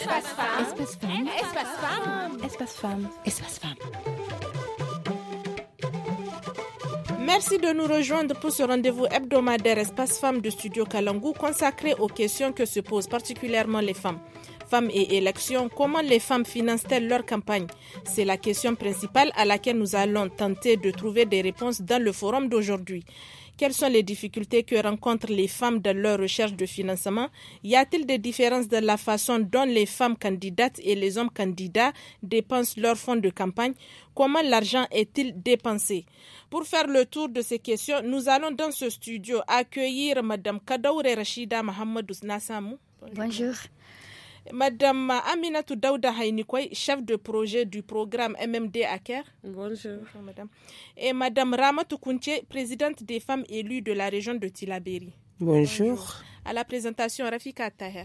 Espace Femme. Espace Femme. Espace Femme. Espace Femme. Espace Merci de nous rejoindre pour ce rendez-vous hebdomadaire Espace Femmes de Studio Kalangou consacré aux questions que se posent particulièrement les femmes. Femmes et élections, comment les femmes financent-elles leur campagne C'est la question principale à laquelle nous allons tenter de trouver des réponses dans le forum d'aujourd'hui. Quelles sont les difficultés que rencontrent les femmes dans leur recherche de financement Y a-t-il des différences dans la façon dont les femmes candidates et les hommes candidats dépensent leurs fonds de campagne Comment l'argent est-il dépensé Pour faire le tour de ces questions, nous allons dans ce studio accueillir Madame Kadoure Rachida Mohamed Nassamou. Bonjour. Madame Aminatou Daouda Haynikoy, chef de projet du programme MMD Aker. Bonjour. madame. Et Madame Rama présidente des femmes élues de la région de Tilaberi. Bonjour. Bonjour. À la présentation, Rafika Taher.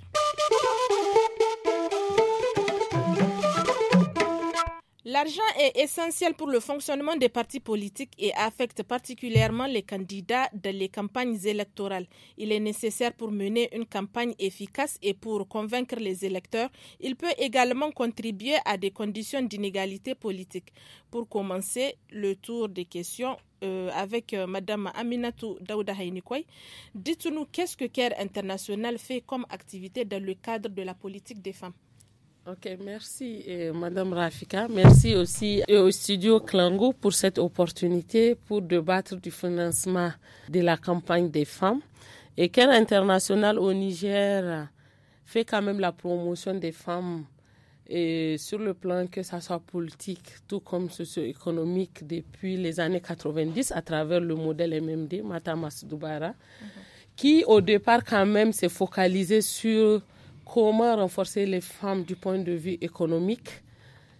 L'argent est essentiel pour le fonctionnement des partis politiques et affecte particulièrement les candidats dans les campagnes électorales. Il est nécessaire pour mener une campagne efficace et pour convaincre les électeurs. Il peut également contribuer à des conditions d'inégalité politique. Pour commencer le tour des questions euh, avec euh, Madame Aminatou Daouda dites-nous qu'est-ce que CARE International fait comme activité dans le cadre de la politique des femmes. Ok, merci euh, Madame Rafika. Merci aussi euh, au studio Klango pour cette opportunité pour débattre du financement de la campagne des femmes. Et quel international au Niger fait quand même la promotion des femmes et euh, sur le plan que ça soit politique, tout comme socio-économique depuis les années 90 à travers le modèle MMD, Matamas Dubara, mhm. qui au départ quand même s'est focalisé sur comment renforcer les femmes du point de vue économique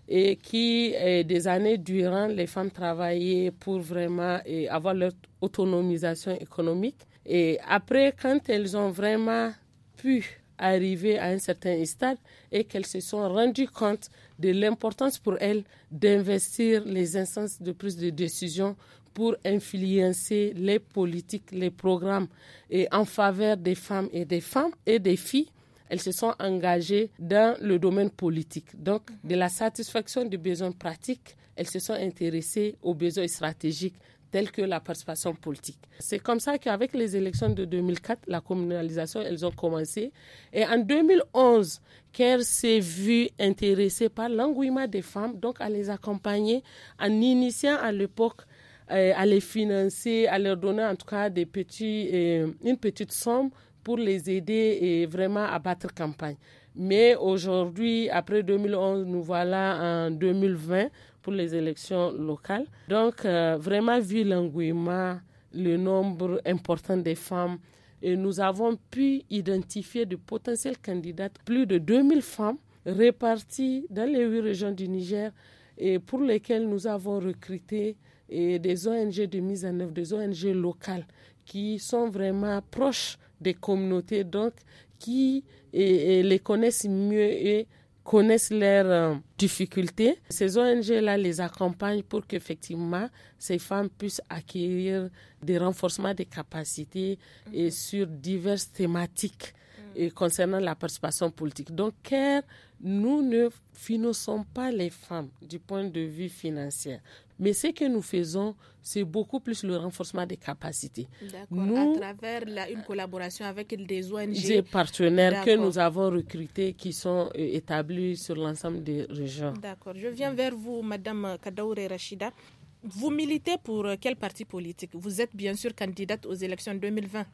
et qui, eh, des années durant, les femmes travaillaient pour vraiment eh, avoir leur autonomisation économique. Et après, quand elles ont vraiment pu arriver à un certain stade et qu'elles se sont rendues compte de l'importance pour elles d'investir les instances de prise de décision pour influencer les politiques, les programmes et en faveur des femmes et des femmes et des filles elles se sont engagées dans le domaine politique. Donc, de la satisfaction des besoins pratiques, elles se sont intéressées aux besoins stratégiques tels que la participation politique. C'est comme ça qu'avec les élections de 2004, la communalisation, elles ont commencé. Et en 2011, Kerr s'est vu intéressée par l'engouement des femmes, donc à les accompagner en initiant à l'époque euh, à les financer, à leur donner en tout cas des petits, euh, une petite somme pour les aider et vraiment à battre campagne. Mais aujourd'hui, après 2011, nous voilà en 2020 pour les élections locales. Donc, euh, vraiment, vu l'engouement, le nombre important des femmes, et nous avons pu identifier de potentielles candidates, plus de 2000 femmes réparties dans les huit régions du Niger et pour lesquelles nous avons recruté et des ONG de mise en œuvre, des ONG locales qui sont vraiment proches des communautés donc qui les connaissent mieux et connaissent leurs euh, difficultés. Ces ONG-là les accompagnent pour qu'effectivement ces femmes puissent acquérir des renforcements des capacités mhm. sur diverses thématiques et concernant la participation politique. Donc, nous ne finançons pas les femmes du point de vue financier. Mais ce que nous faisons, c'est beaucoup plus le renforcement des capacités. Nous, à travers une collaboration avec des ONG. Des partenaires que nous avons recrutés qui sont euh, établis sur l'ensemble des régions. D'accord. Je viens vers vous, Madame Kadaoure Rachida. Vous militez pour quel parti politique Vous êtes bien sûr candidate aux élections 2020.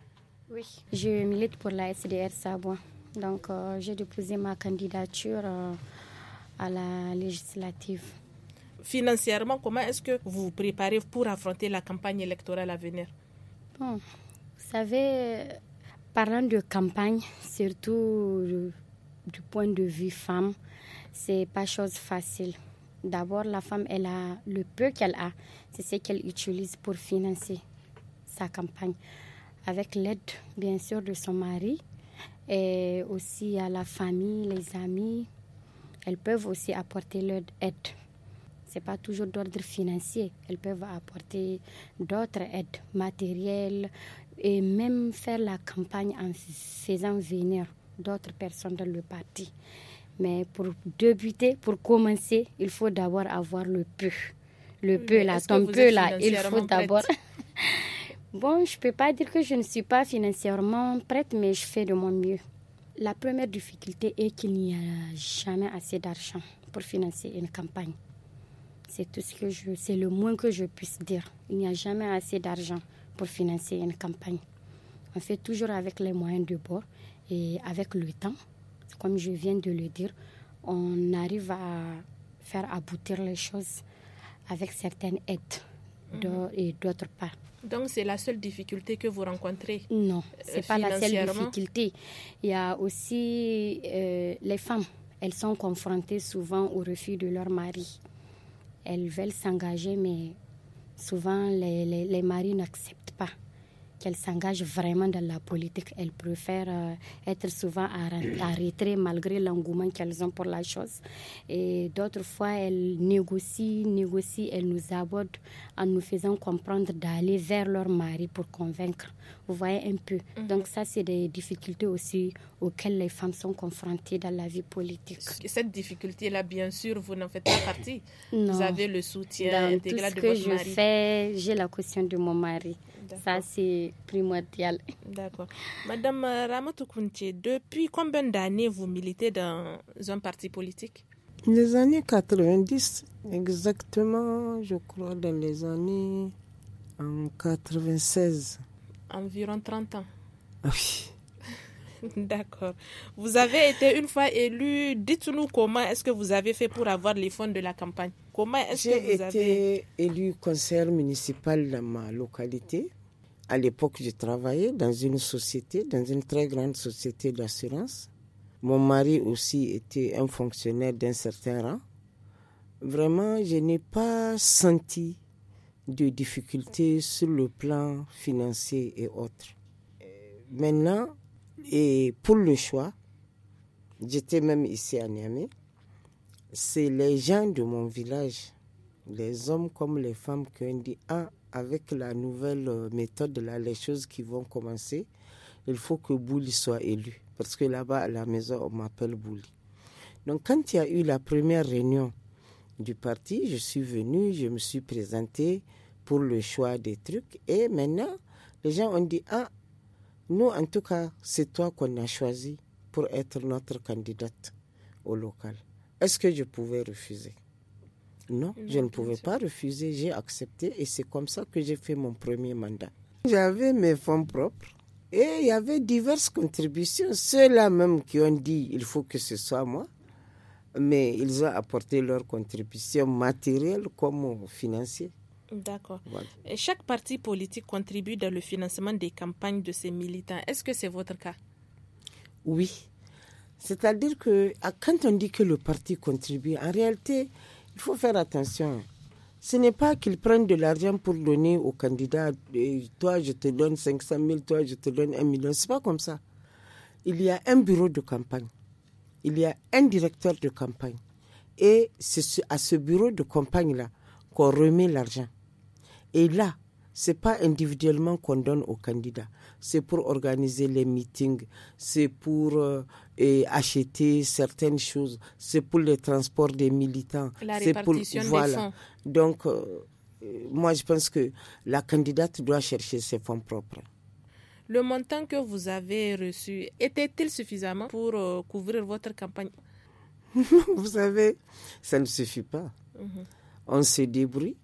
Oui, je milite pour la SDR Savoie. Donc, euh, j'ai déposé ma candidature euh, à la législative. Financièrement, comment est-ce que vous vous préparez pour affronter la campagne électorale à venir vous savez, parlant de campagne, surtout du, du point de vue femme, c'est pas chose facile. D'abord, la femme, elle a le peu qu'elle a, c'est ce qu'elle utilise pour financer sa campagne avec l'aide bien sûr de son mari et aussi à la famille, les amis. Elles peuvent aussi apporter leur aide. Ce n'est pas toujours d'ordre financier. Elles peuvent apporter d'autres aides matérielles et même faire la campagne en faisant venir d'autres personnes dans le parti. Mais pour débuter, pour commencer, il faut d'abord avoir le peu. Le peu, là. Ton peu, là, il faut d'abord... Bon, je ne peux pas dire que je ne suis pas financièrement prête, mais je fais de mon mieux. La première difficulté est qu'il n'y a jamais assez d'argent pour financer une campagne. C'est tout ce que je, c'est le moins que je puisse dire. Il n'y a jamais assez d'argent pour financer une campagne. On fait toujours avec les moyens de bord et avec le temps, comme je viens de le dire, on arrive à faire aboutir les choses avec certaines aides. Mhm. d'autres pas. Donc c'est la seule difficulté que vous rencontrez Non, euh, ce n'est pas la seule difficulté. Il y a aussi euh, les femmes. Elles sont confrontées souvent au refus de leur mari. Elles veulent s'engager, mais souvent les, les maris n'acceptent qu'elles s'engage vraiment dans la politique. Elles préfèrent euh, être souvent à, malgré l'engouement qu'elles ont pour la chose. Et d'autres fois, elles négocient, négocient, elles nous abordent en nous faisant comprendre d'aller vers leur mari pour convaincre. Vous voyez un peu. Mhm. Donc ça, c'est des difficultés aussi auxquelles les femmes sont confrontées dans la vie politique. Cette difficulté-là, bien sûr, vous n'en faites pas partie. Vous avez le soutien dans intégral tout ce que je fais, j'ai la caution de mon mari. Ça, c'est primordial. D'accord. Madame euh, Ramatou depuis combien d'années vous militez dans un parti politique Les années 90, exactement, je crois, dans les années en 96. Environ 30 ans. Ah oui. D'accord. Vous avez été une fois élu. Dites-nous comment est-ce que vous avez fait pour avoir les fonds de la campagne. Comment est J'ai été élu conseiller municipal dans ma localité à l'époque, je travaillais dans une société, dans une très grande société d'assurance. Mon mari aussi était un fonctionnaire d'un certain rang. Vraiment, je n'ai pas senti de difficultés sur le plan financier et autres. Maintenant, et pour le choix, j'étais même ici à Niamey, c'est les gens de mon village, les hommes comme les femmes qui ont dit, ah, avec la nouvelle euh, méthode, là, les choses qui vont commencer, il faut que Bouli soit élu. Parce que là-bas, à la maison, on m'appelle Bouli. Donc, quand il y a eu la première réunion du parti, je suis venu, je me suis présenté pour le choix des trucs. Et maintenant, les gens ont dit Ah, nous, en tout cas, c'est toi qu'on a choisi pour être notre candidate au local. Est-ce que je pouvais refuser non, je ne pouvais pas refuser, j'ai accepté et c'est comme ça que j'ai fait mon premier mandat. J'avais mes fonds propres et il y avait diverses contributions. Ceux-là même qui ont dit il faut que ce soit moi, mais ils ont apporté leurs contributions matérielles comme financières. D'accord. Chaque parti politique contribue dans le financement des campagnes de ses militants. Est-ce que c'est votre cas Oui. C'est-à-dire que ah, quand on dit que le parti contribue, en réalité, il faut faire attention. Ce n'est pas qu'ils prennent de l'argent pour donner au candidat. toi, je te donne 500 000, toi, je te donne 1 million. Ce n'est pas comme ça. Il y a un bureau de campagne. Il y a un directeur de campagne. Et c'est à ce bureau de campagne-là qu'on remet l'argent. Et là, ce n'est pas individuellement qu'on donne au candidat. C'est pour organiser les meetings, c'est pour euh, et acheter certaines choses. C'est pour le transport des militants. C'est pour voilà. Donc euh, moi je pense que la candidate doit chercher ses fonds propres. Le montant que vous avez reçu était-il suffisamment pour euh, couvrir votre campagne Vous savez, ça ne suffit pas. Mhm. On se débrouille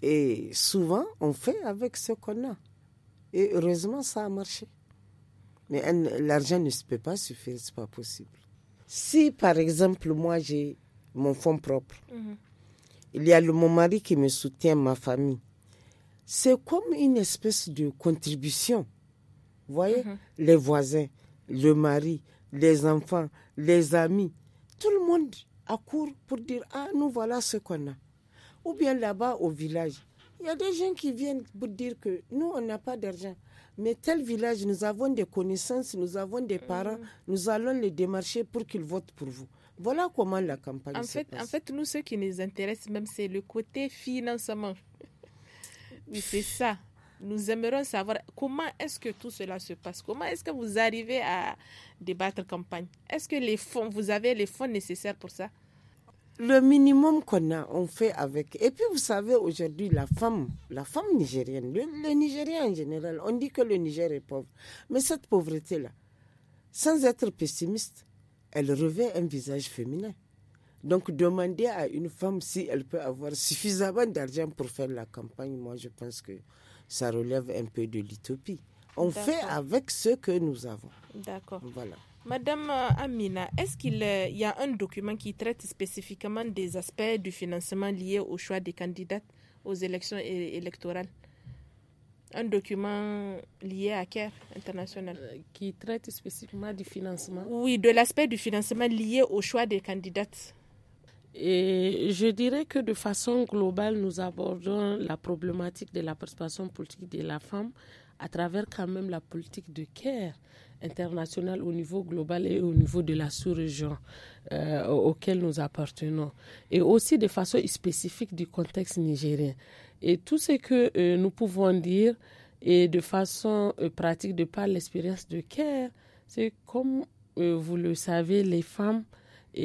et souvent on fait avec ce qu'on a. Et heureusement, ça a marché. Mais l'argent ne peut pas suffire, c'est pas possible. Si par exemple moi j'ai mon fonds propre, mhm. il y a le, mon mari qui me soutient, ma famille. C'est comme une espèce de contribution. Vous voyez, mhm. les voisins, le mari, les enfants, les amis, tout le monde accourt pour dire ah nous voilà ce qu'on a. Ou bien là-bas au village, il y a des gens qui viennent pour dire que nous on n'a pas d'argent mais tel village, nous avons des connaissances, nous avons des mm. parents, nous allons les démarcher pour qu'ils votent pour vous. Voilà comment la campagne se fait, passe. En fait, nous, ce qui nous intéresse même, c'est le côté financement. c'est ça. Nous aimerions savoir comment est-ce que tout cela se passe. Comment est-ce que vous arrivez à débattre campagne Est-ce que les fonds, vous avez les fonds nécessaires pour ça le minimum qu'on a, on fait avec. Et puis, vous savez, aujourd'hui, la femme, la femme nigérienne, le, le, Nigérien en général, on dit que le Niger est pauvre. Mais cette pauvreté-là, sans être pessimiste, elle revêt un visage féminin. Donc, demander à une femme si elle peut avoir suffisamment d'argent pour faire la campagne, moi, je pense que ça relève un peu de l'utopie. On fait avec ce que nous avons. D'accord. Voilà. Madame euh, Amina, est-ce qu'il euh, y a un document qui traite spécifiquement des aspects du financement liés au choix des candidates aux élections électorales un document lié à CARE international. Euh, qui traite spécifiquement du financement Oui, de l'aspect du financement lié au choix des candidates. Et je dirais que de façon globale, nous abordons la problématique de la participation politique de la femme à travers quand même la politique de CARE internationale au niveau global et au niveau de la sous-région euh, auquel nous appartenons, et aussi de façon spécifique du contexte nigérien. Et tout ce que euh, nous pouvons dire, et de façon euh, pratique de par l'expérience de CARE, c'est comme vous le savez, les femmes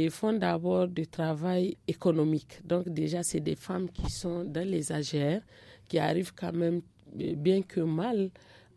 font d'abord du travail économique. Donc déjà, c'est des femmes qui sont dans les AGR, qui arrivent quand même bien que mal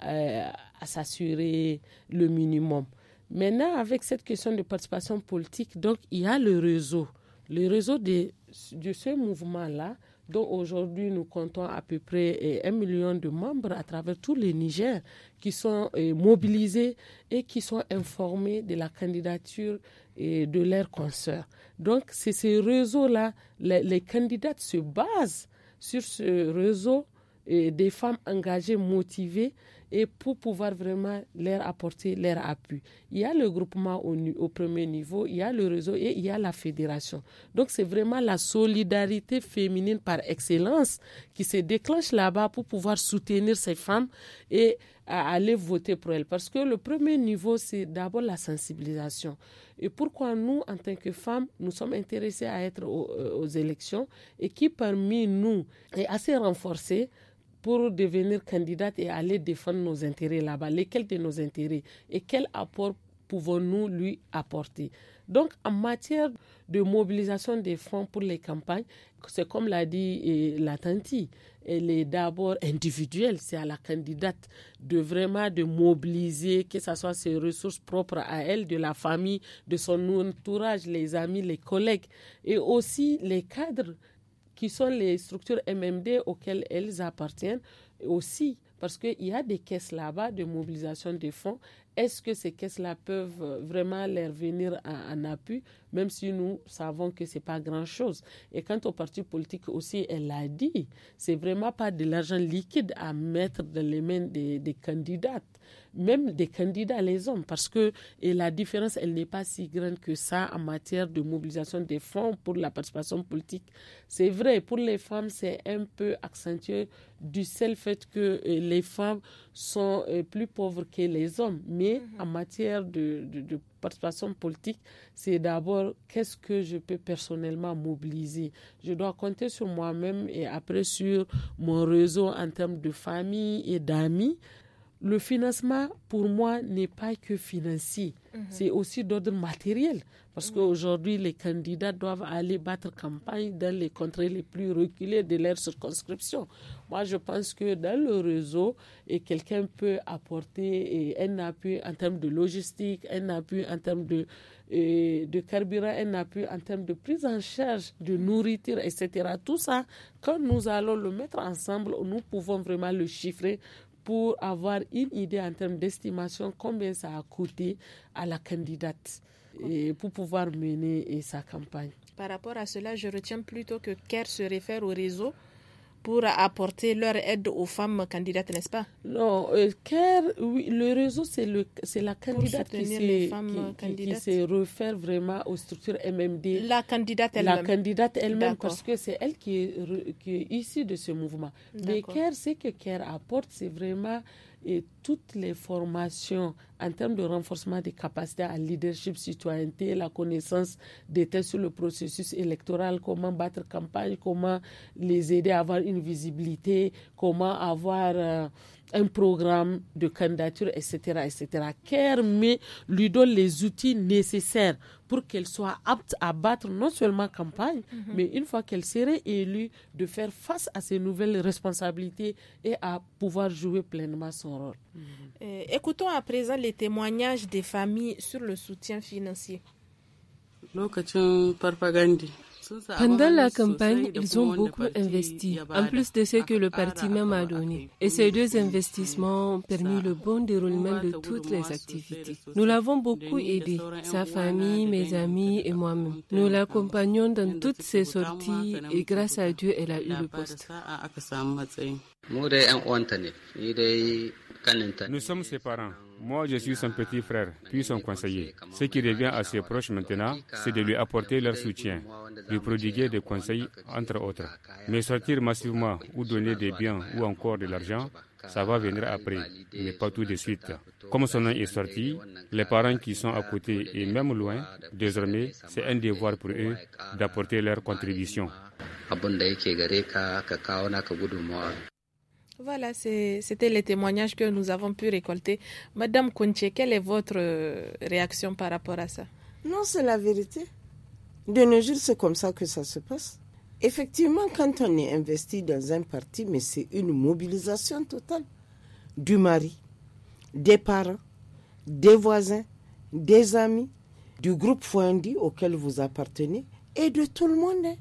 euh, à s'assurer le minimum. Maintenant, avec cette question de participation politique, donc il y a le réseau, le réseau de, de ce mouvement-là, dont aujourd'hui nous comptons à peu près euh, un million de membres à travers tous les Niger qui sont euh, mobilisés et qui sont informés de la candidature et de leurs consoeurs. Donc c'est ces réseaux-là, les, les candidats se basent sur ce réseau des femmes engagées, motivées, et pour pouvoir vraiment leur apporter leur appui. Il y a le groupement au, premier niveau, il y a le réseau et il y a la fédération. Donc c'est vraiment la solidarité féminine par excellence qui se déclenche là-bas pour pouvoir soutenir ces femmes et aller voter pour elles. Parce que le premier niveau, c'est d'abord la sensibilisation. Et pourquoi nous, en tant que femmes, nous sommes intéressés à être euh, aux élections et qui parmi nous est assez renforcée pour devenir candidate et aller défendre nos intérêts là-bas, lesquels de nos intérêts et quel apport pouvons-nous lui apporter. Donc, en matière de mobilisation des fonds pour les campagnes, c'est comme l'a dit eh, la elle est d'abord individuelle, c'est à la candidate de vraiment de mobiliser, que ce soit ses ressources propres à elle, de la famille, de son entourage, les amis, les collègues, et aussi les cadres qui sont les structures MMD auxquelles elles appartiennent aussi, parce qu'il y a des caisses là-bas de mobilisation des fonds. Est-ce que ces caisses-là peuvent vraiment leur venir en, appui, même si nous savons que ce n'est pas grand-chose Et quant au parti politique aussi, elle l'a dit, c'est vraiment pas de l'argent liquide à mettre dans les mains des, des même des candidats, les hommes, parce que la différence, elle n'est pas si grande que ça en matière de mobilisation des fonds pour la participation politique. C'est vrai, pour les femmes, c'est un peu accentué du seul fait que euh, les femmes sont euh, plus pauvres que les hommes. Mais mhm. en matière de, de participation politique, c'est d'abord qu'est-ce que je peux personnellement mobiliser. Je dois compter sur moi-même et après sur mon réseau en termes de famille et d'amis le financement, pour moi, n'est pas que financier. Mhm. C'est aussi d'ordre matériel. Parce qu'aujourd'hui, les candidats doivent aller battre campagne dans les contrées les plus reculées de leur circonscription. Moi, je pense que dans le réseau, quelqu'un peut apporter un appui en termes de logistique, un appui en termes de, de carburant, un appui en termes de prise en charge, de nourriture, etc. Tout ça, quand nous allons le mettre ensemble, nous pouvons vraiment le chiffrer pour avoir une idée en termes d'estimation combien ça a coûté à la candidate et pour pouvoir mener sa campagne. Par rapport à cela, je retiens plutôt que Kerr se réfère au réseau pour apporter leur aide aux femmes candidates, n'est-ce pas Non, euh, oui, le réseau, c'est la candidate qui se qui, refaire vraiment aux structures MMD. La candidate elle-même. La candidate elle-même, parce que c'est elle qui est, qui est issue de ce mouvement. Mais CARE, ce que CARE apporte, c'est vraiment et toutes les formations en termes de renforcement des capacités à leadership, citoyenneté, la connaissance des tests sur le processus électoral, comment battre campagne, comment les aider à avoir une visibilité, comment avoir... Euh, un programme de candidature, etc., etc., qu'elle lui donne les outils nécessaires pour qu'elle soit apte à battre non seulement campagne, mhm. mais une fois qu'elle serait élue, de faire face à ses nouvelles responsabilités et à pouvoir jouer pleinement son rôle. Mhm. Euh, écoutons à présent les témoignages des familles sur le soutien financier. Pendant la campagne, ils ont beaucoup investi, en plus de ce que le parti même a donné. Et ces deux investissements ont permis le bon déroulement de toutes les activités. Nous l'avons beaucoup aidé, sa famille, mes amis et moi-même. Nous l'accompagnons dans toutes ses sorties et grâce à Dieu, elle a eu le poste. Nous sommes ses parents. Moi, je suis son petit frère, puis son conseiller. Ce qui revient à ses proches maintenant, c'est de lui apporter leur soutien, lui prodiguer des conseils, entre autres. Mais sortir massivement ou donner des biens ou encore de l'argent, ça va venir après, mais pas tout de suite. Comme son nom est sorti, les parents qui sont à côté et même loin, désormais, c'est un devoir pour eux d'apporter leur contribution. Voilà, c'était les témoignages que nous avons pu récolter. Madame Kounche, quelle est votre euh, réaction par rapport à ça Non, c'est la vérité. De nos jours, c'est comme ça que ça se passe. Effectivement, quand on est investi dans un parti, mais c'est une mobilisation totale du mari, des parents, des voisins, des amis, du groupe Fouandi auquel vous appartenez et de tout le monde. Hein.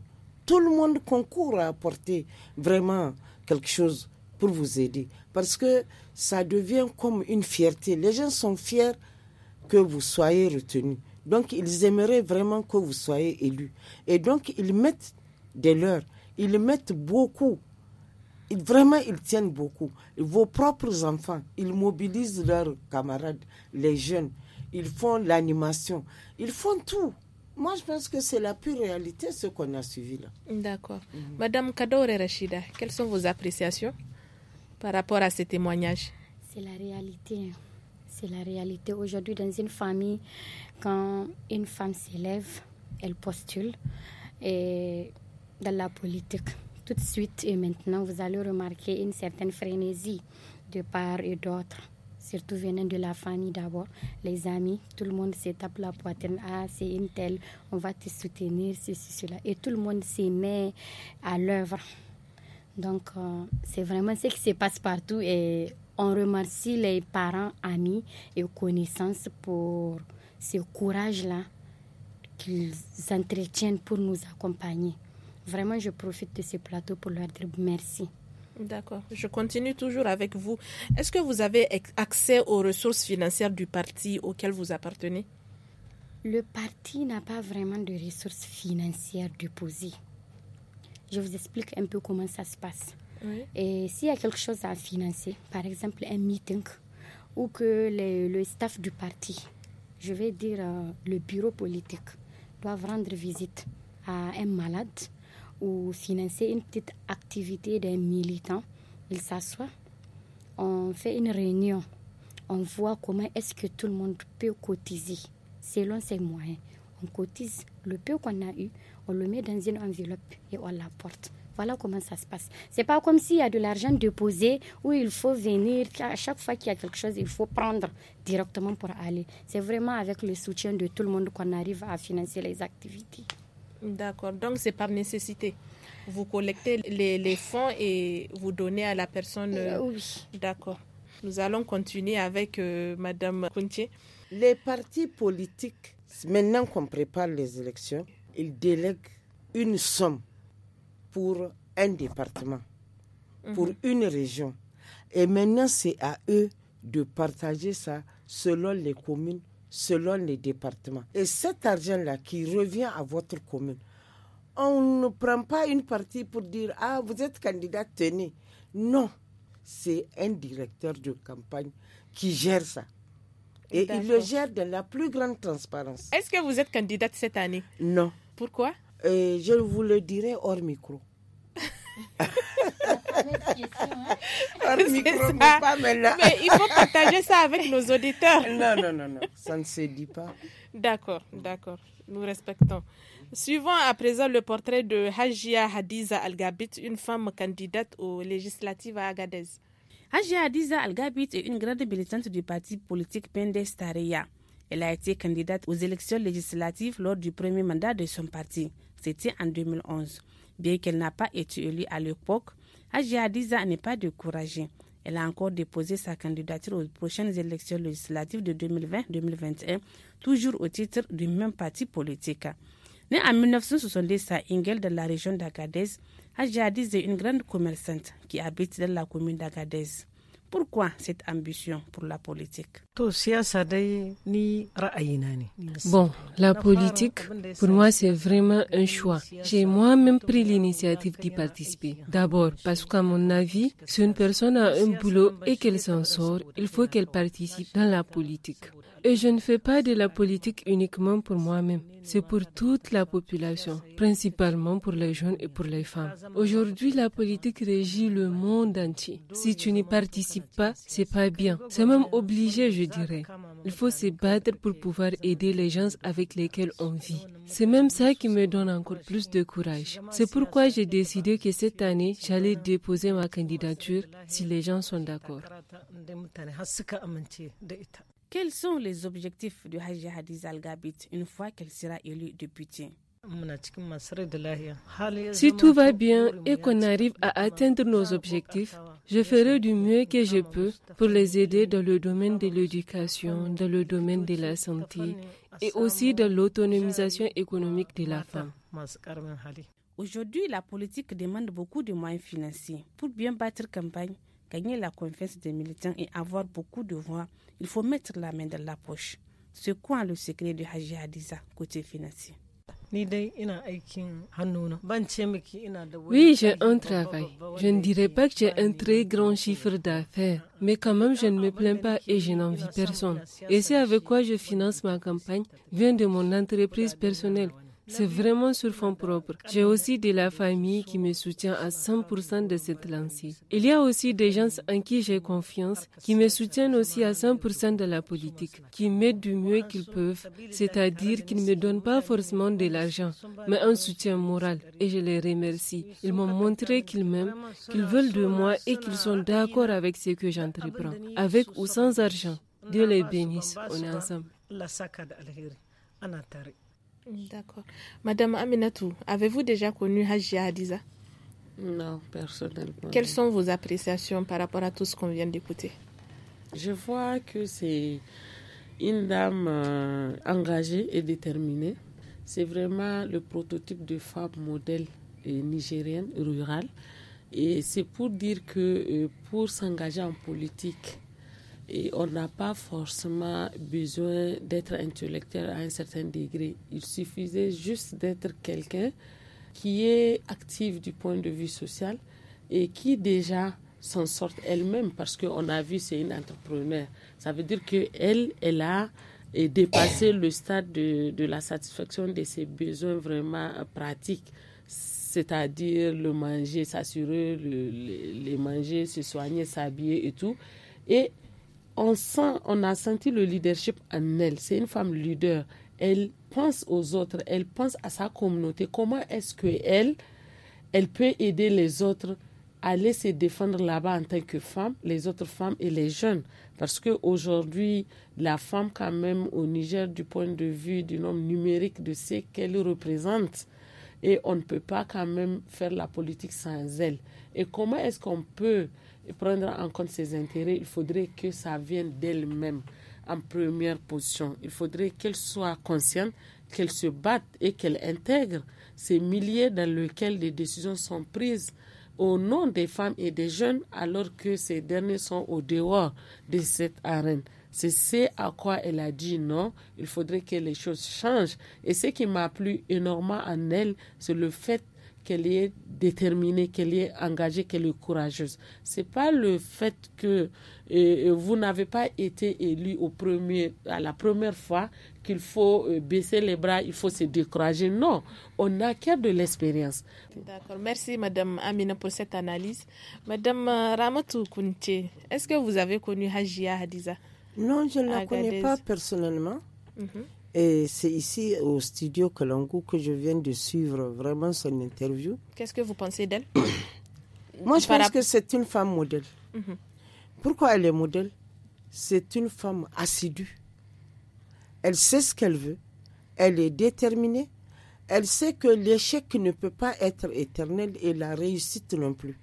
Tout le monde concourt à apporter vraiment quelque chose pour vous aider. Parce que ça devient comme une fierté. Les gens sont fiers que vous soyez retenu. Donc, ils aimeraient vraiment que vous soyez élu. Et donc, ils mettent des leurs. Ils mettent beaucoup. vraiment, ils tiennent beaucoup. Vos propres enfants, ils mobilisent leurs camarades, les jeunes. Ils font l'animation. Ils font tout. Moi, je pense que c'est la pure réalité, ce qu'on a suivi là. D'accord. Mhm. Madame Kadore Rachida, quelles sont vos appréciations par rapport à ces témoignages C'est la réalité. Hein. C'est la réalité. Aujourd'hui, dans une famille, quand une femme s'élève, elle postule et dans la politique. Tout de suite et maintenant, vous allez remarquer une certaine frénésie de part et d'autre surtout venant de la famille d'abord, les amis, tout le monde se tape la poitrine, ah c'est une telle, on va te soutenir, ceci, cela. Et tout le monde s'y met à l'œuvre donc, euh, c'est vraiment ce qui se passe partout et on remercie les parents, amis et connaissances pour ce courage-là qu'ils entretiennent pour nous accompagner. Vraiment, je profite de ce plateau pour leur dire merci. D'accord. Je continue toujours avec vous. Est-ce que vous avez accès aux ressources financières du parti auquel vous appartenez Le parti n'a pas vraiment de ressources financières déposées. Je vous explique un peu comment ça se passe. Et s'il y a quelque chose à financer, par exemple un meeting ou que le, staff du parti, je vais dire euh, le bureau politique, doivent rendre visite à un malade ou financer une petite activité d'un militant, il s'assoit, on fait une réunion, on voit comment est-ce que tout le monde peut cotiser selon ses moyens. On cotise le peu qu'on a eu, on le met dans une enveloppe et on l'apporte. Voilà comment ça se passe. C'est pas comme s'il y a de l'argent déposé où il faut venir. À chaque fois qu'il y a quelque chose, il faut prendre directement pour aller. C'est vraiment avec le soutien de tout le monde qu'on arrive à financer les activités. D'accord. Donc c'est par nécessité. Vous collectez les, les, fonds et vous donnez à la personne. Euh, euh, oui. D'accord. Nous allons continuer avec Mme euh, Madame Les partis politiques, maintenant qu'on prépare les élections, il délègue une somme pour un département, pour mhm. une région. Et maintenant, c'est à eux de partager ça selon les communes, selon les départements. Et cet argent-là qui revient à votre commune, on ne prend pas une partie pour dire Ah, vous êtes candidat, tenez. Non, c'est un directeur de campagne qui gère ça. Et il le gère de la plus grande transparence. Est-ce que vous êtes candidate cette année Non. Pourquoi euh, Je vous le dirai hors micro. Hors micro pas, mais, mais il faut partager ça avec nos auditeurs. Non, non, non, non, ça ne se dit pas. D'accord, d'accord, nous respectons. Suivons à présent le portrait de Hajia Hadiza Al-Gabit, une femme candidate aux législatives à Agadez. Ajiadiza al Algabit est une grande militante du parti politique Pendes Tareya. Elle a été candidate aux élections législatives lors du premier mandat de son parti. C'était en 2011. Bien qu'elle n'a pas été élue à l'époque, Ajiadiza n'est pas découragée. Elle a encore déposé sa candidature aux prochaines élections législatives de 2020-2021, toujours au titre du même parti politique. Née en 1970 à Ingel de la région d'Agadez, a est une grande commerçante qui habite dans la commune d'Agadez. Pourquoi cette ambition pour la politique Bon, la politique, pour moi, c'est vraiment un choix. J'ai moi-même pris l'initiative d'y participer. D'abord, parce qu'à mon avis, si une personne a un boulot et qu'elle s'en sort, il faut qu'elle participe dans la politique. Et je ne fais pas de la politique uniquement pour moi-même, c'est pour toute la population, principalement pour les jeunes et pour les femmes. Aujourd'hui, la politique régit le monde entier. Si tu n'y participes pas, c'est pas bien. C'est même obligé, je il faut se battre pour pouvoir aider les gens avec lesquels on vit. C'est même ça qui me donne encore plus de courage. C'est pourquoi j'ai décidé que cette année, j'allais déposer ma candidature si les gens sont d'accord. Quels sont les objectifs de Haji Hadiz Al-Gabit une fois qu'elle sera élue députée si tout va bien et qu'on arrive à atteindre nos objectifs, je ferai du mieux que je peux pour les aider dans le domaine de l'éducation, dans le domaine de la santé et aussi dans l'autonomisation économique de la femme. Aujourd'hui, la politique demande beaucoup de moyens financiers. Pour bien battre campagne, gagner la confiance des militants et avoir beaucoup de voix, il faut mettre la main dans la poche. C'est quoi le secret de Haji Hadiza côté financier oui, j'ai un travail. Je ne dirais pas que j'ai un très grand chiffre d'affaires, mais quand même, je ne me plains pas et je n'envie personne. Et c'est avec quoi je finance ma campagne vient de mon entreprise personnelle. C'est vraiment sur fond propre. J'ai aussi de la famille qui me soutient à 100% de cette lancée. Il y a aussi des gens en qui j'ai confiance, qui me soutiennent aussi à 100% de la politique, qui m'aident du mieux qu'ils peuvent, c'est-à-dire qu'ils ne me donnent pas forcément de l'argent, mais un soutien moral. Et je les remercie. Ils m'ont montré qu'ils m'aiment, qu'ils veulent de moi et qu'ils sont d'accord avec ce que j'entreprends, avec ou sans argent. Dieu les bénisse, on est ensemble. D'accord. Madame Aminatou, avez-vous déjà connu Hajia Hadiza Non, personnellement. Quelles sont vos appréciations par rapport à tout ce qu'on vient d'écouter Je vois que c'est une dame euh, engagée et déterminée. C'est vraiment le prototype de femme modèle nigérien, euh, nigérienne rurale. Et c'est pour dire que euh, pour s'engager en politique, et on n'a pas forcément besoin d'être intellectuel à un certain degré. Il suffisait juste d'être quelqu'un qui est active du point de vue social et qui déjà s'en sort elle-même parce qu'on a vu c'est une entrepreneur. Ça veut dire qu'elle, elle a dépassé le stade de, la satisfaction de ses besoins vraiment euh, pratiques c'est-à-dire le manger, s'assurer, le, les manger, se soigner, s'habiller et tout. Et on sent, on a senti le leadership en elle. C'est une femme leader. Elle pense aux autres, elle pense à sa communauté. Comment est-ce qu'elle elle, elle peut aider les autres à aller se défendre là-bas en tant que femme, les autres femmes et les jeunes. Parce qu'aujourd'hui, la femme, quand même, au Niger, du point de vue du nombre numérique, de ce qu'elle représente, et on ne peut pas quand même faire la politique sans elle. Et comment est-ce qu'on peut prendre en compte ses intérêts, il faudrait que ça vienne d'elle-même en première position. Il faudrait qu'elle soit consciente, qu'elle se batte et qu'elle intègre ces milliers dans lesquels des décisions sont prises au nom des femmes et des jeunes alors que ces derniers sont au dehors de cette arène. C'est ce à quoi elle a dit non. Il faudrait que les choses changent. Et ce qui m'a plu énormément en elle, c'est le fait qu'elle est déterminée, qu'elle est engagée, qu'elle est courageuse. C'est pas le fait que euh, euh, vous n'avez pas été élu au premier, à la première fois qu'il faut euh, baisser les bras, il faut se décourager. Non, on acquiert de l'expérience. D'accord. Merci, Madame Amina, pour cette analyse. Madame Ramatou Kunti, est-ce que vous avez connu Hajia Hadiza Non, je ne la connais pas personnellement. Mhm. Et c'est ici au studio Kalangu que je viens de suivre vraiment son interview. Qu'est-ce que vous pensez d'elle Moi, je pense que c'est une femme modèle. Mhm. Pourquoi elle est modèle C'est une femme assidue. Elle sait ce qu'elle veut. Elle est déterminée. Elle sait que l'échec ne peut pas être éternel et la réussite non plus.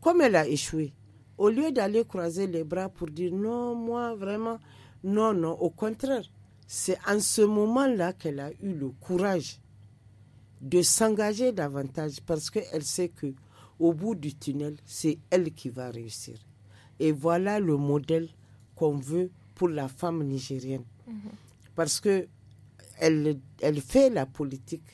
Comme elle a échoué, au lieu d'aller croiser les bras pour dire non, moi vraiment, non, non, au contraire, c'est en ce moment-là qu'elle a eu le courage de s'engager davantage parce qu'elle sait que au bout du tunnel, c'est elle qui va réussir. Et voilà le modèle qu'on veut pour la femme nigérienne. Mhm. Parce que elle fait la politique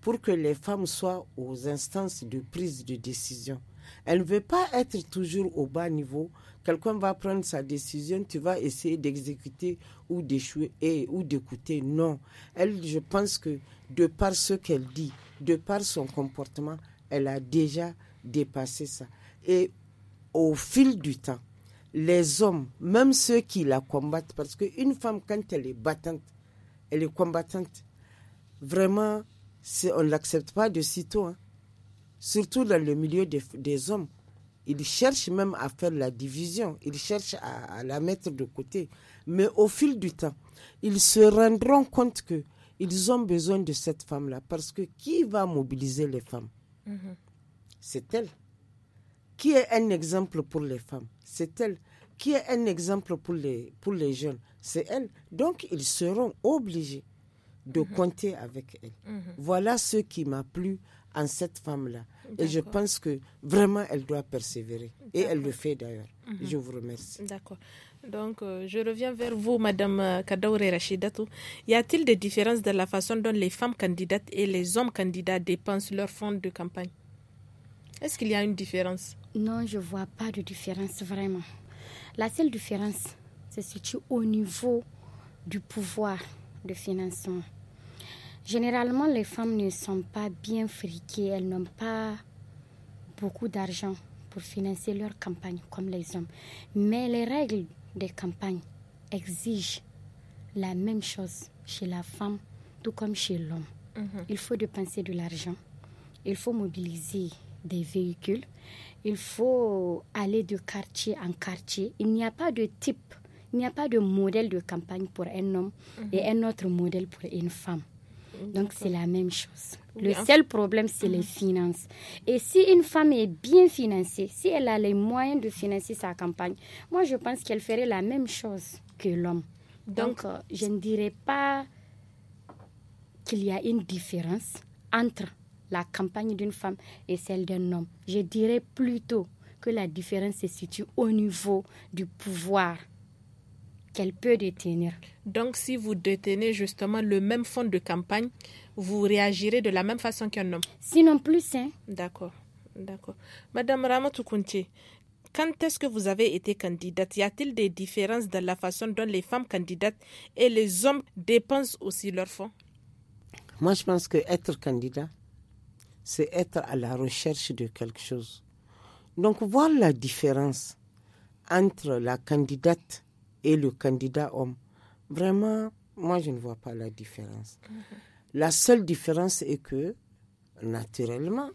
pour que les femmes soient aux instances de prise de décision. Elle ne veut pas être toujours au bas niveau, Quelqu'un va prendre sa décision, tu vas essayer d'exécuter ou d'échouer et, ou d'écouter. Non. Elle, je pense que de par ce qu'elle dit, de par son comportement, elle a déjà dépassé ça. Et au fil du temps, les hommes, même ceux qui la combattent, parce qu'une femme, quand elle est battante, elle est combattante, vraiment, on ne l'accepte pas de sitôt. Hein. Surtout dans le milieu des hommes. Il cherchent même à faire la division, ils cherche à, la mettre de côté. Mais au fil du temps, ils se rendront compte que ils ont besoin de cette femme-là parce que qui va mobiliser les femmes mhm. C'est elle. Qui est un exemple pour les femmes C'est elle. Qui est un exemple pour les, pour les jeunes C'est elle. Donc, ils seront obligés de mhm. compter avec elle. Mhm. Voilà ce qui m'a plu en cette femme-là. Et je pense que vraiment, elle doit persévérer. Et elle le fait d'ailleurs. Mhm. Je vous remercie. D'accord. Donc, euh, je reviens vers vous, Madame Rachida euh, Rachidatou. Y a-t-il des différences dans la façon dont les femmes candidates et les hommes candidats dépensent leurs fonds de campagne Est-ce qu'il y a une différence Non, je ne vois pas de différence vraiment. La seule différence se situe au niveau du pouvoir de financement. Généralement, les femmes ne sont pas bien friquées, elles n'ont pas beaucoup d'argent pour financer leur campagne comme les hommes. Mais les règles des campagnes exigent la même chose chez la femme tout comme chez l'homme. Mhm. Il faut dépenser de l'argent, il faut mobiliser des véhicules, il faut aller de quartier en quartier. Il n'y a pas de type, il n'y a pas de modèle de campagne pour un homme mhm. et un autre modèle pour une femme. Mm, Donc c'est la même chose. le seul problème, c'est les mm-hmm. finances. Et si une femme est bien financée, si elle a les moyens de financer sa campagne, moi je pense qu'elle ferait la même chose que l'homme. Donc, euh, je ne dirais pas qu'il y a une différence entre la campagne d'une femme et celle d'un homme. Je dirais plutôt que la différence se situe au niveau du pouvoir qu'elle peut détenir. Donc si vous détenez justement le même fonds de campagne, vous réagirez de la même façon qu'un homme. Sinon plus, hein. D'accord, d'accord. Madame Ramatou quand est-ce que vous avez été candidate Y a-t-il des différences dans la façon dont les femmes candidates et les hommes dépensent aussi leurs fonds Moi, je pense que être candidat, c'est être à la recherche de quelque chose. Donc, voir la différence entre la candidate et le candidat homme. Vraiment, moi, je ne vois pas la différence. La seule différence est que, naturellement,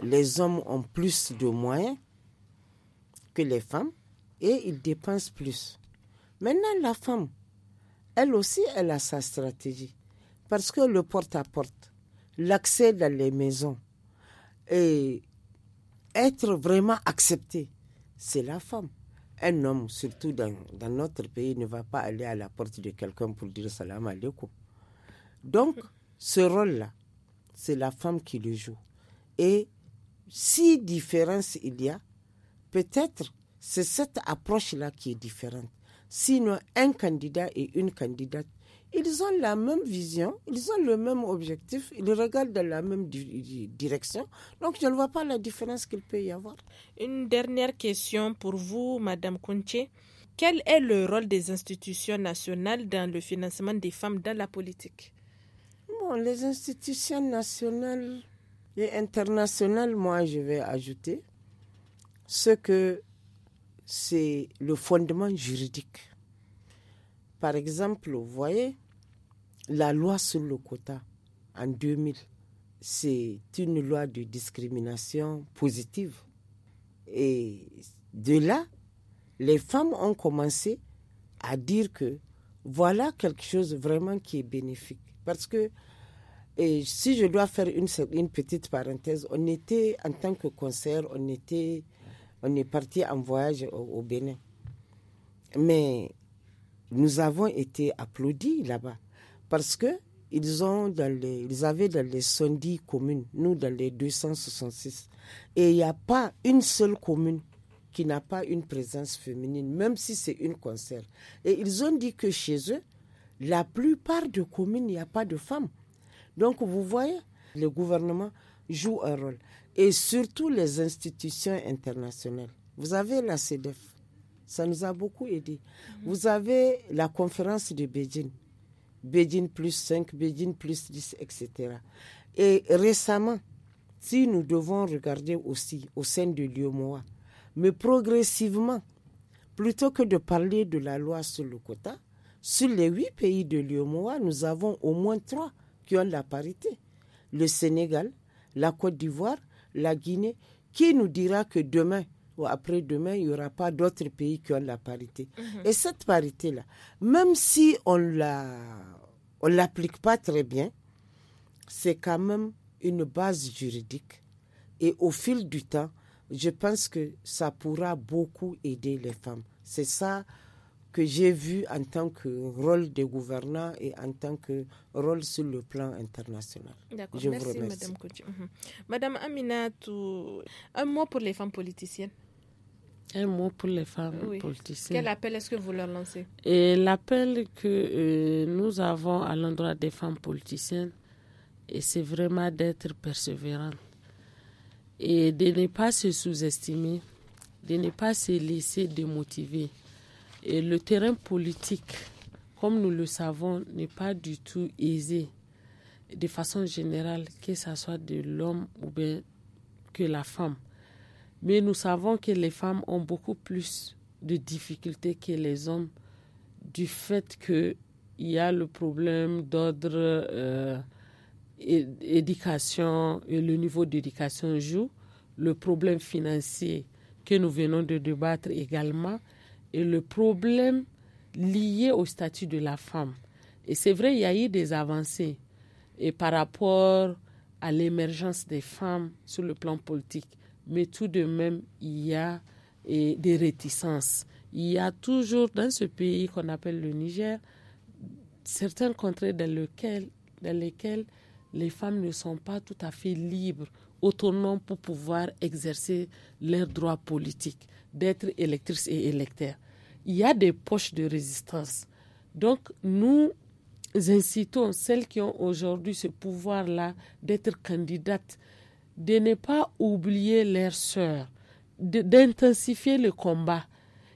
les hommes ont plus de moyens que les femmes et ils dépensent plus. Maintenant, la femme, elle aussi, elle a sa stratégie. Parce que le porte-à-porte, l'accès dans les maisons et être vraiment accepté, c'est la femme un homme, surtout dans, notre pays, ne va pas aller à la porte de quelqu'un pour dire salam alaikum. Donc, ce rôle-là, c'est la femme qui le joue. Et si différence il y a, peut-être c'est cette approche-là qui est différente. Sinon, un candidat et une candidate ils ont la même vision, ils ont le même objectif, ils regardent dans la même direction. Donc, je ne vois pas la différence qu'il peut y avoir. Une dernière question pour vous, Madame Contier. Quel est le rôle des institutions nationales dans le financement des femmes dans la politique Bon, les institutions nationales et internationales, moi, je vais ajouter ce que c'est le fondement juridique. Par exemple, vous voyez, la loi sur le quota en 2000, c'est une loi de discrimination positive. Et de là, les femmes ont commencé à dire que voilà quelque chose vraiment qui est bénéfique. Parce que si je dois faire une, petite parenthèse, on était en tant que concert, on était, on est parti en voyage au, au Bénin. Mais nous avons été applaudis là-bas. Parce que ils, ont dans ils avaient dans les 110 communes, nous dans les 266. Et il n'y a pas une seule commune qui n'a pas une présence féminine, même si c'est une concert. Et ils ont dit que chez eux, la plupart des communes, il n'y a pas de femmes. Donc vous voyez, le gouvernement joue un rôle. Et surtout les institutions internationales. Vous avez la CEDEF, ça nous a beaucoup aidé. Vous avez la conférence de Beijing, Bédine plus 5, Bédine plus 10, etc. Et récemment, si nous devons regarder aussi au sein de l'IOMOA, mais progressivement, plutôt que de parler de la loi sur le quota, sur les huit pays de l'IOMOA, nous avons au moins trois qui ont la parité. Le Sénégal, la Côte d'Ivoire, la Guinée. Qui nous dira que demain, après-demain, il n'y aura pas d'autres pays qui ont la parité. Mhm. Et cette parité-là, même si on la, on l'applique pas très bien, c'est quand même une base juridique. Et au fil du temps, je pense que ça pourra beaucoup aider les femmes. C'est ça que j'ai vu en tant que rôle de gouvernants et en tant que rôle sur le plan international. Je merci, vous remercie. Madame, mhm. amina Madame Aminatou, un mot pour les femmes politiciennes. Un mot pour les femmes politiciennes. Quel appel est-ce que vous leur lancez Et l'appel que euh, nous avons à l'endroit des femmes politiciennes, c'est vraiment d'être persévérantes et de ne pas se sous-estimer, de ne pas se laisser démotiver. Et le terrain politique, comme nous le savons, n'est pas du tout aisé de façon générale, que ce soit de l'homme ou bien que la femme. Mais nous savons que les femmes ont beaucoup plus de difficultés que les hommes du fait qu'il y a le problème d'ordre euh, éducation et le niveau d'éducation joue, le problème financier que nous venons de débattre également et le problème lié au statut de la femme. Et c'est vrai, il y a eu des avancées et par rapport à l'émergence des femmes sur le plan politique mais tout de même, il y a des réticences. Il y a toujours dans ce pays qu'on appelle le Niger, certains contrées dans, lequel, dans lesquelles les femmes ne sont pas tout à fait libres, autonomes pour pouvoir exercer leurs droits politiques, d'être électrices et électeurs. Il y a des poches de résistance. Donc nous incitons celles qui ont aujourd'hui ce pouvoir-là d'être candidates de ne pas oublier leurs sœurs, d'intensifier le combat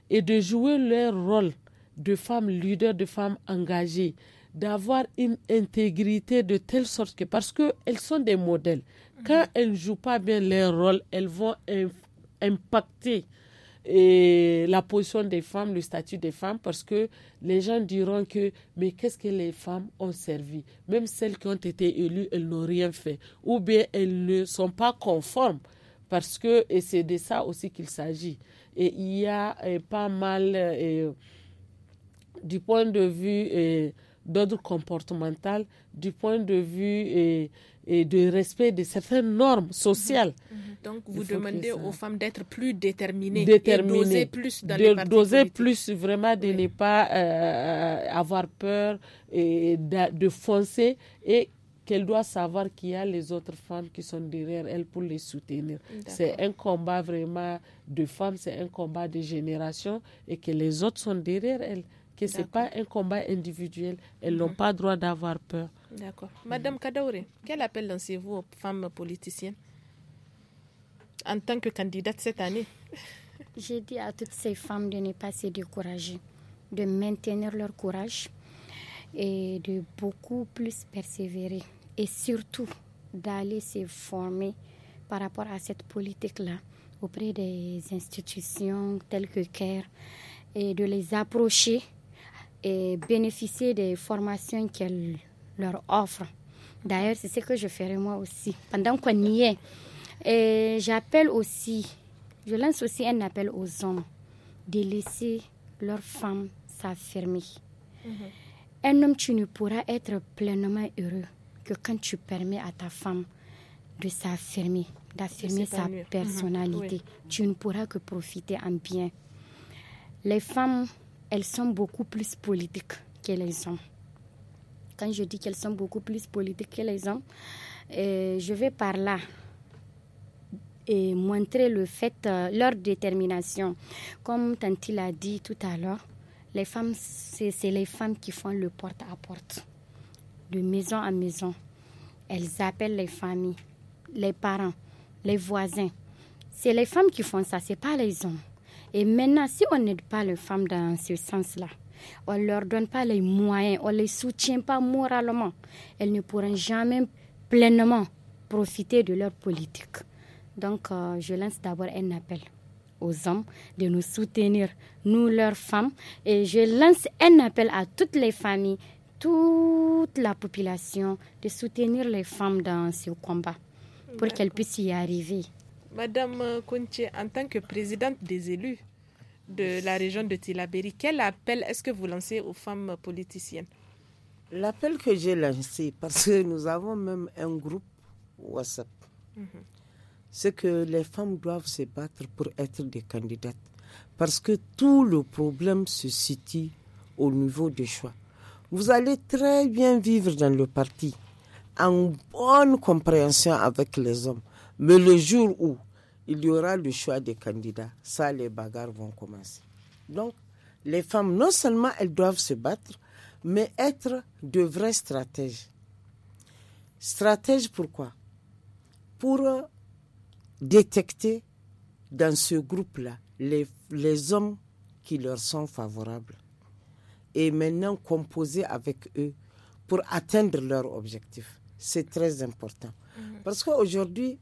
et de jouer leur rôle de femmes leaders, de femmes engagées, d'avoir une intégrité de telle sorte que, parce qu'elles sont des modèles, quand mhm. elles ne jouent pas bien leur rôle, elles vont impacter et la position des femmes, le statut des femmes, parce que les gens diront que, mais qu'est-ce que les femmes ont servi Même celles qui ont été élues, elles n'ont rien fait, ou bien elles ne sont pas conformes, parce que, et c'est de ça aussi qu'il s'agit. Et il y a euh, pas mal, euh, du point de vue... Euh, d'ordre comportemental, du point de vue et, et de respect de certaines normes sociales. Mhm. Mhm. Donc vous demandez aux femmes d'être plus déterminées, et doser plus dans de, les doser plus vraiment de ne pas euh, euh, avoir peur et de, foncer et qu'elles doivent savoir qu'il y a les autres femmes qui sont derrière elles pour les soutenir. C'est un combat vraiment de femmes, c'est un combat de génération et que les autres sont derrière elles que ce n'est pas un combat individuel. Elles n'ont mhm. pas droit d'avoir peur. D'accord. Madame Kadaouré, quel appel lancez-vous aux femmes politiciennes en tant que candidate cette année J'ai dit à toutes ces femmes de ne pas se décourager, de maintenir leur courage et de beaucoup plus persévérer. Et surtout, d'aller se former par rapport à cette politique-là auprès des institutions telles que CARE et de les approcher et bénéficier des formations qu'elle leur offre. D'ailleurs, c'est ce que je ferai moi aussi. Pendant qu'on y est, et j'appelle aussi, je lance aussi un appel aux hommes de laisser leur femme s'affirmer. Mhm. Un homme, tu ne pourras être pleinement heureux que quand tu permets à ta femme de s'affirmer, d'affirmer sa mhm. personnalité. Tu ne pourras que profiter en bien. Les femmes elles sont beaucoup plus politiques que les hommes. Quand je dis qu'elles sont beaucoup plus politiques que les hommes, euh, je vais par là et montrer le fait, euh, leur détermination. Comme Tanti l'a dit tout à l'heure, les femmes, c'est les femmes qui font le porte-à-porte, -porte, de maison à maison. Elles appellent les familles, les parents, les voisins. C'est les femmes qui font ça, c'est pas les hommes. Et maintenant, si on n'aide pas les femmes dans ce sens-là, on ne leur donne pas les moyens, on ne les soutient pas moralement, elles ne pourront jamais pleinement profiter de leur politique. Donc, euh, je lance d'abord un appel aux hommes de nous soutenir, nous, leurs femmes. Et je lance un appel à toutes les familles, toute la population, de soutenir les femmes dans ce combat pour qu'elles puissent y arriver. Madame Contier, en tant que présidente des élus de la région de Tilabéry, quel appel est-ce que vous lancez aux femmes politiciennes L'appel que j'ai lancé, parce que nous avons même un groupe WhatsApp, mhm. c'est que les femmes doivent se battre pour être des candidates. Parce que tout le problème se situe au niveau des choix. Vous allez très bien vivre dans le parti, en bonne compréhension avec les hommes. Mais le jour où il y aura le choix des candidats, ça, les bagarres vont commencer. Donc, les femmes, non seulement elles doivent se battre, mais être de vraies stratèges. Stratèges pourquoi Pour euh, détecter dans ce groupe-là les, les hommes qui leur sont favorables et maintenant composer avec eux pour atteindre leur objectif. C'est très important. Mhm. Parce qu'aujourd'hui,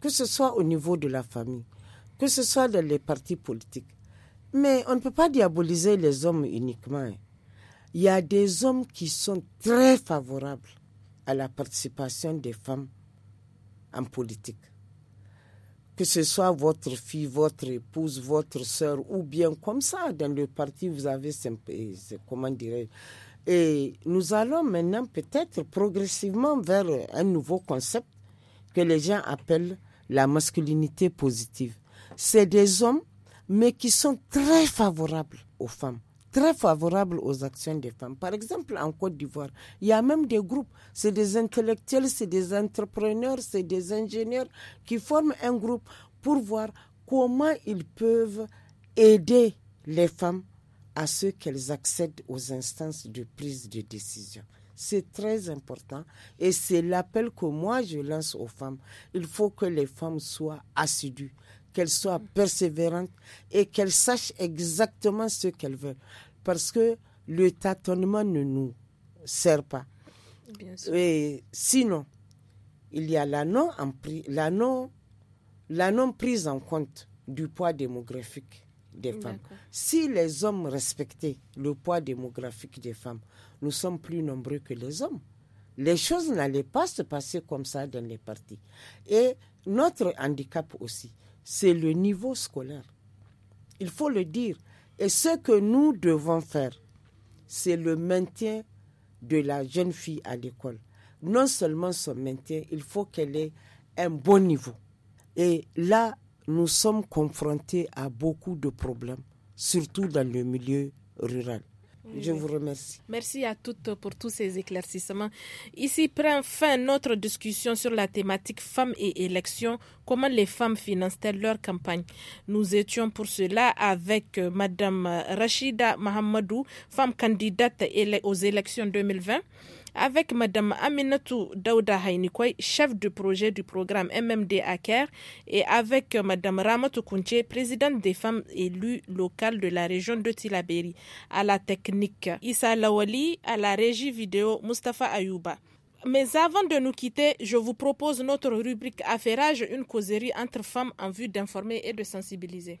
que ce soit au niveau de la famille, que ce soit dans les partis politiques. Mais on ne peut pas diaboliser les hommes uniquement. Hein. Il y a des hommes qui sont très favorables à la participation des femmes en politique. Que ce soit votre fille, votre épouse, votre sœur, ou bien comme ça, dans le parti, vous avez, comment dirais je et nous allons maintenant peut-être progressivement vers un nouveau concept que les gens appellent la masculinité positive. C'est des hommes, mais qui sont très favorables aux femmes très favorables aux actions des femmes. Par exemple, en Côte d'Ivoire, il y a même des groupes, c'est des intellectuels, c'est des entrepreneurs, c'est des ingénieurs qui forment un groupe pour voir comment ils peuvent aider les femmes à ce qu'elles accèdent aux instances de prise de décision. C'est très important et c'est l'appel que moi je lance aux femmes. Il faut que les femmes soient assidues, qu'elles soient persévérantes et qu'elles sachent exactement ce qu'elles veulent. Parce que le tâtonnement ne nous sert pas. sinon, il y a la non, en, la non prise en compte du poids démographique des femmes. Si les hommes respectaient le poids démographique des femmes, nous sommes plus nombreux que les hommes. Les choses n'allaient pas se passer comme ça dans les partis. Et notre handicap aussi, c'est le niveau scolaire. Il faut le dire. Et ce que nous devons faire, c'est le maintien de la jeune fille à l'école. Non seulement son maintien, il faut qu'elle ait un bon niveau. Et là, nous sommes confrontés à beaucoup de problèmes, surtout dans le milieu rural. Je vous remercie. Merci à toutes pour tous ces éclaircissements. Ici prend fin notre discussion sur la thématique femmes et élections. Comment les femmes financent-elles leur campagne Nous étions pour cela avec euh, Madame Rachida Mahamadou, femme candidate aux élections 2020 avec Madame Aminatou Daouda Hainikoy, chef de projet du programme MMD Aker, et avec Madame Ramatou Kounche, présidente des femmes élues locales de la région de Tilaberi, à la technique Issa Lawali, à la régie vidéo Mustafa Ayouba. Mais avant de nous quitter, je vous propose notre rubrique Affairage, une causerie entre femmes en vue d'informer et de sensibiliser.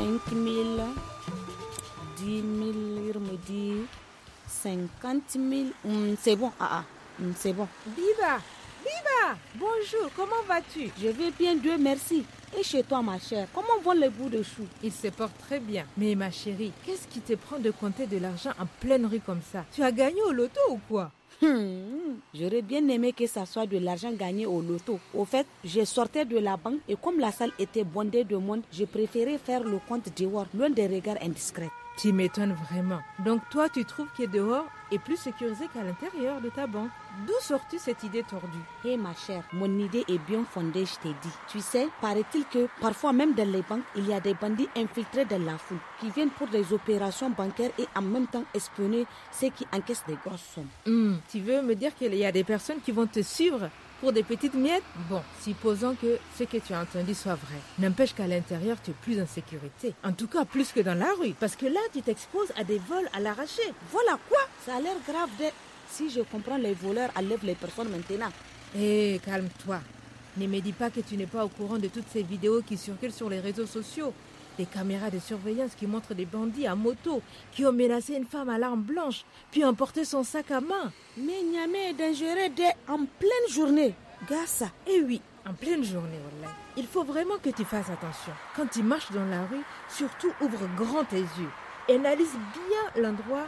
5 mille, dix 000 il me dit cinquante mille. Hum, c'est bon, ah, ah. Hum, c'est bon. viva viva bonjour, comment vas-tu Je vais bien, Dieu merci. Et chez toi, ma chère, comment vont les bouts de chou Ils se portent très bien. Mais ma chérie, qu'est-ce qui te prend de compter de l'argent en pleine rue comme ça Tu as gagné au loto ou quoi hum, J'aurais bien aimé que ça soit de l'argent gagné au loto. Au fait, je sortais de la banque et comme la salle était bondée de monde, j'ai préféré faire le compte dehors, loin des regards indiscrets. Tu m'étonnes vraiment. Donc toi, tu trouves que dehors, et plus sécurisé qu'à l'intérieur de ta banque. D'où sortit cette idée tordue Hé eh, ma chère, mon idée est bien fondée, je t'ai dit. Tu sais, paraît-il que parfois même dans les banques, il y a des bandits infiltrés dans la foule qui viennent pour des opérations bancaires et en même temps espionner ceux qui encaissent des grosses sommes. Hmm, tu veux me dire qu'il y a des personnes qui vont te suivre pour des petites miettes. Bon, supposons que ce que tu as entendu soit vrai. N'empêche qu'à l'intérieur, tu es plus en sécurité. En tout cas, plus que dans la rue. Parce que là, tu t'exposes à des vols à l'arraché. Voilà quoi Ça a l'air grave de... Si je comprends, les voleurs enlèvent les personnes maintenant. Hé, eh, calme-toi. Ne me dis pas que tu n'es pas au courant de toutes ces vidéos qui circulent sur les réseaux sociaux. Des caméras de surveillance qui montrent des bandits à moto qui ont menacé une femme à l'arme blanche, puis emporté son sac à main. Mais Niamé est dangereux dès en pleine journée. Gassa. Eh oui, en pleine journée, Il faut vraiment que tu fasses attention. Quand tu marches dans la rue, surtout ouvre grand tes yeux analyse bien l'endroit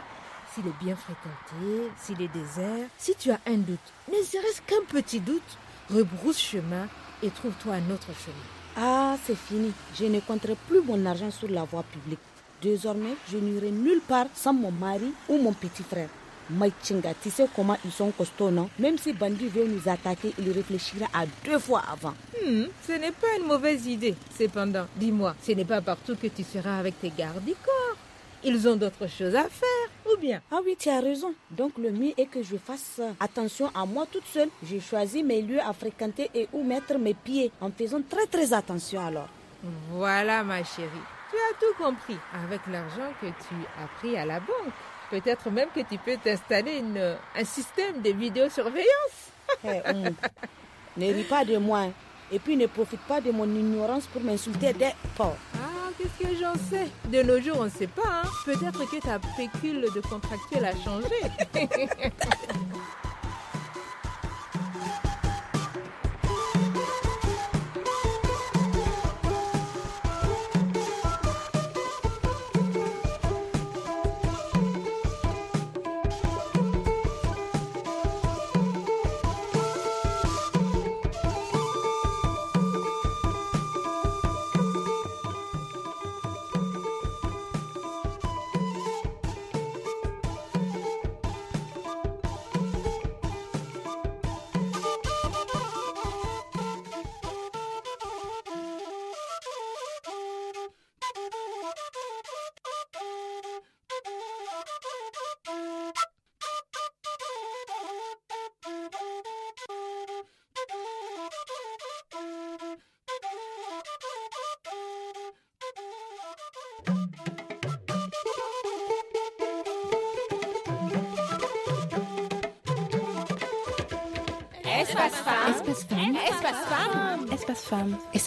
s'il est bien fréquenté, s'il est désert. Si tu as un doute, ne serait-ce qu'un petit doute, rebrousse chemin et trouve-toi un autre chemin. Ah, c'est fini. Je ne compterai plus mon argent sur la voie publique. Désormais, je n'irai nulle part sans mon mari ou mon petit frère. Mike Chinga, tu sais comment ils sont costauds, non Même si Bandi veut nous attaquer, il réfléchira à deux fois avant. Hmm, ce n'est pas une mauvaise idée. Cependant, dis-moi, ce n'est pas partout que tu seras avec tes gardes corps. Ils ont d'autres choses à faire ou bien ah oui tu as raison donc le mieux est que je fasse attention à moi toute seule j'ai choisi mes lieux à fréquenter et où mettre mes pieds en faisant très très attention alors voilà ma chérie tu as tout compris avec l'argent que tu as pris à la banque peut-être même que tu peux t'installer une, un système de vidéosurveillance eh, ne ris pas de moi hein. Et puis ne profite pas de mon ignorance pour m'insulter des pauvres. Ah, qu'est-ce que j'en sais De nos jours, on ne sait pas. Hein. Peut-être que ta pécule de contractuel a changé. femme. Et